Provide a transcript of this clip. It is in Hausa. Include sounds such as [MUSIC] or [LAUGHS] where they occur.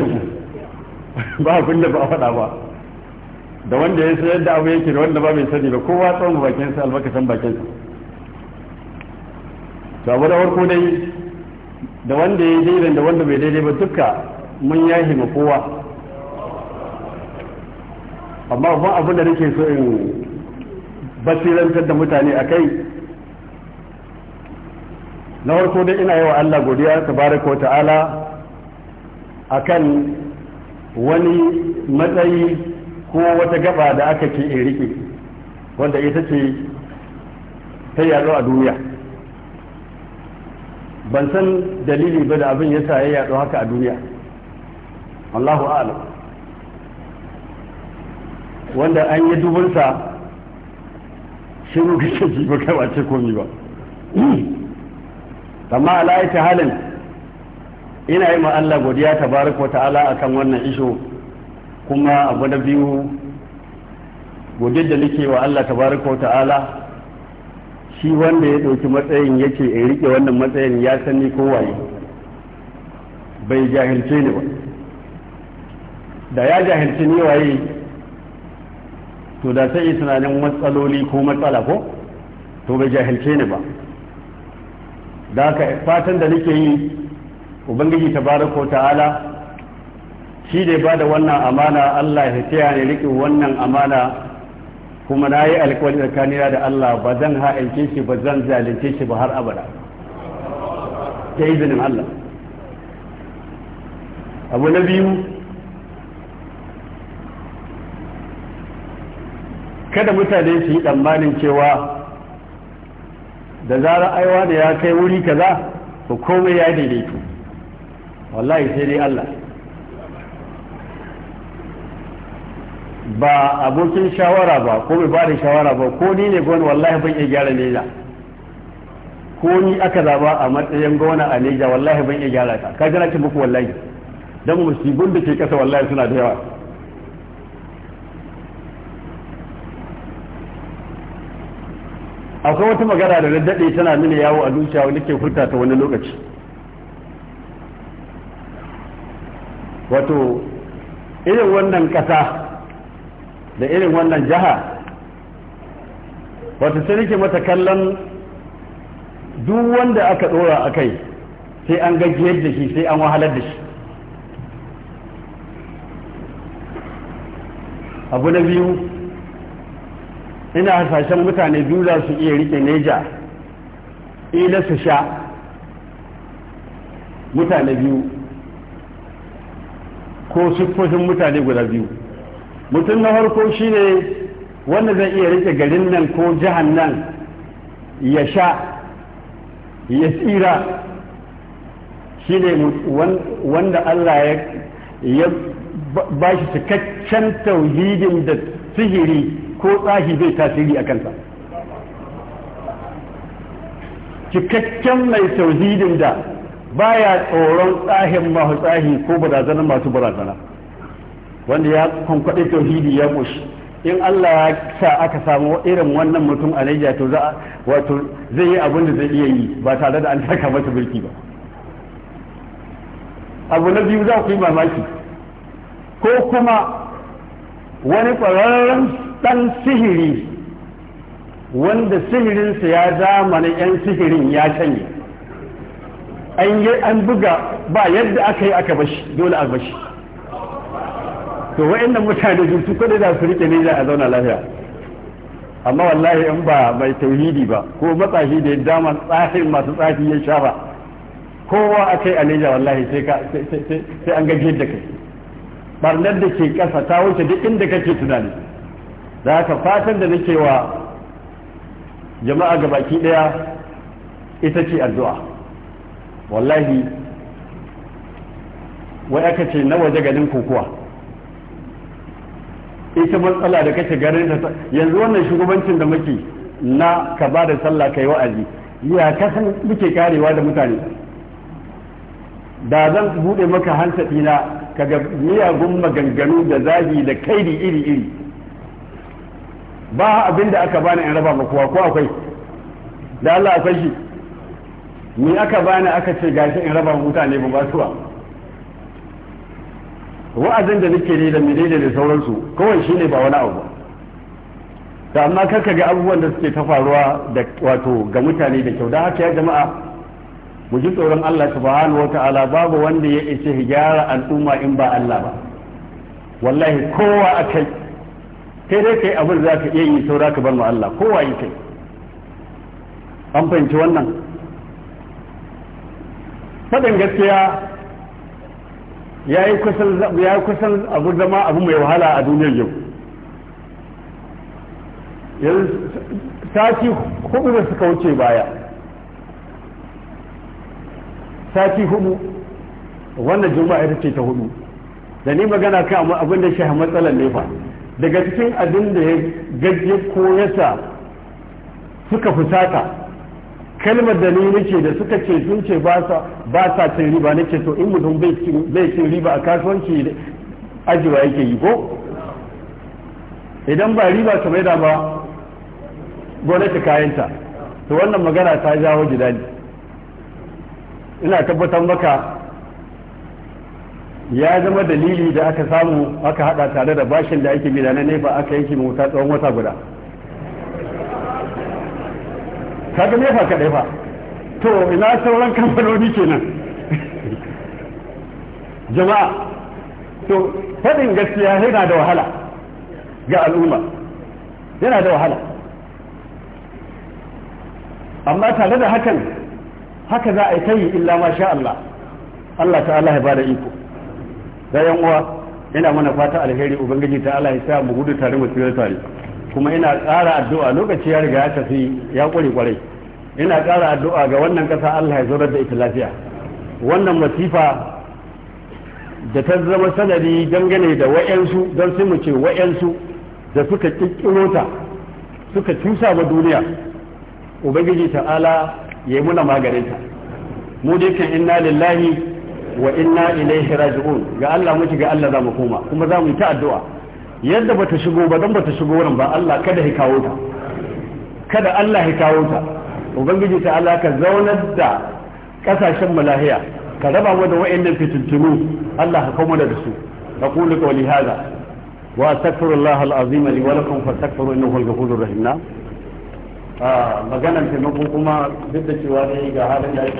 [LAUGHS] ba abin da ba faɗa ba da wanda ya sayar da abu yake da wanda ba mai sani ba kowa tsawon bakinsa albarkacin bakinsa to abu da farko dai da wanda ya daidai da wanda bai daidai ba duka mun yahi ma kowa amma ban abin da nake so in basirantar da mutane a kai na farko dai ina yi wa Allah godiya tabaraka wa ta'ala akan wani matsayi ko wata gaba da aka ke in rike wanda ita ce ta yaɗo a duniya ban san dalili ba da abin ya sa ya yaɗo haka a duniya allahu a'lam wanda an yi dubunsa shiru kake ji ba kai ba ce komi ba amma ala halin ina yi ma Allah godiya tabaraka ta'ala a kan wannan isho kuma abu na biyu godiyar da nake wa Allah tabaraka ta'ala shi wanda ya ɗauki matsayin yake in rike wannan matsayin ya sani kowaye bai jahilce ni ba da ya jahilce ni waye to da sai tunanin matsaloli ko matsala ko to bai jahilce ni ba da fatan da nake yi ubangiji tabaraka ta'ala shi ne ba da wannan amana Allah ya taya ne riƙe wannan amana kuma na yi alkawari tsakanina da Allah ba zan ha'ince shi ba zan zalunce shi ba har abada ta izinin Allah abu na biyu kada mutane su yi tsammanin cewa da zarar aiwa da ya kai wuri kaza to komai ya daidaitu wallahi sai dai Allah ba abokin shawara ba ko mai ba da shawara ba ko ni ne gwani wallahi ban iya gyara da ko ni aka zaba a matsayin gwana a neja wallahi ban iya gyara ta ka jira ki muku wallahi don musibin da ke kasa wallahi suna da yawa akwai wata magana da daddade tana nuna yawo a zuciya wani ke furta ta wani lokaci wato irin wannan ƙasa da irin wannan jiha wato sai nake mata kallon duk wanda aka ɗora a kai sai an gajiyar da shi sai an wahalar da shi abu na biyu ina hasashen mutane biyu za su iya rike neja ila su sha mutane biyu ko siffofin mutane guda biyu mutum na farko shine wanda zai iya rike garin nan ko jihar nan ya sha ya tsira shine wanda Allah ya ba shi cikakken tauhidin da sihiri ko tsahi zai tasiri a kansa cikakken mai tauhidin da baya tsoron tsahin mahu tsahi ko barazanar masu barazana wanda ya kwankwaɗe tauhidi ya ƙoshi in Allah ya sa aka samu irin wannan mutum a Najeriya to wato zai yi abin da zai iya yi ba tare da an saka masa birki ba abu na biyu za ku yi mamaki ko kuma wani ƙwararren ɗan sihiri wanda sihirinsa ya zamanin 'yan sihirin ya canye an yi an buga ba yadda aka yi aka bashi dole a bashi to wa'annan mutane su su kada da su rike ne za a zauna lafiya amma wallahi in ba mai tauhidi ba ko matsashi da yadda dama tsafin masu tsafi ya shafa kowa a a neja wallahi sai ka sai an gajiyar da kai barnar da ke kasa ta wuce duk inda kake tunani za ka fatan da nake wa jama'a gabaki daya ita ce addu'a wallahi wai aka ce na waje ganin kokowa ita matsala da kake garin ta yanzu wannan shugabancin da muke na ka ba da sallah kai wa'azi ya kasan muke karewa da mutane da zan bude maka hansa dina kaga miyagun maganganu da zagi da kaidi iri iri ba abin da aka bani in raba kuwa ko akwai da Allah akwai shi ni aka bani aka ce gashi in raba mutane ba ba suwa wa'azin da nake ne da menene da sauransu kawai shine ba wani abu da amma ka ga abubuwan da suke ta faruwa da wato ga mutane da kyau da haka ya jama'a mu ji tsoron Allah subhanahu wata'ala babu wanda ya ishe gyara al'umma in ba Allah ba wallahi kowa akai kai dai kai abin za ka iya yi saura ka bar mu Allah kowa yi kai an fahimci wannan faɗin gaskiya ya yi kusan abu zama abu mai wahala a duniyar yau yanzu sati hudu da suka wuce baya sati hudu wannan juma'a ita ce ta hudu da ni magana kan abin da shi matsalar nefa daga cikin abin da ya gaje ko suka fusata kalmar da ni nake da suka ce sun ce ba sa cin riba nake to in mutum bai cin riba a kasuwanci ajiwa yake yi ko idan ba riba ta mai da ba gwamnati kayanta to wannan magana ta jawo jidali ina tabbatar maka ya zama dalili da aka samu aka hada tare da bashin da ake bi da na nefa aka yanke mota tsawon wata guda kaga nefa kadai fa to ina sauran kamfanoni kenan jama'a to faɗin gaskiya yana da wahala ga al'umma yana da wahala amma tare da hakan haka za a yi ta illa ma sha Allah Allah ta'ala ya bada iko da yan uwa yana mana fata alheri ubangiji ta Allah ya sa mu gudu tare mu tsira tare kuma ina ƙara addu'a lokaci ya riga ya tafi ya ƙware ƙwarai ina ƙara addu'a ga wannan ƙasa Allah ya zaurar da ita lafiya wannan masifa da ta zama sanadi dangane da wa'yansu don sai mu ce wa'yansu da suka ƙirƙiro ta suka cusa ma duniya ubangiji ta'ala ya yi muna maganinta mu dai kan inna lillahi wa inna ilaihi raji'un ga Allah muki, ga Allah za mu koma kuma za mu yi ta addu'a yadda bata shigo ba don bata shigo wurin ba Allah kada ya kawo ta kada Allah ya kawo ta ubangiji ta Allah ka zaunar da kasashen malahiya ka raba mu da wa'annan fitintunu Allah ka kawo da su aqulu qawli hada wa astaghfirullaha al-azim li wa lakum fastaghfiru innahu al-ghafurur rahim na ah, maganar taimako kuma duk da cewa dai ga halin da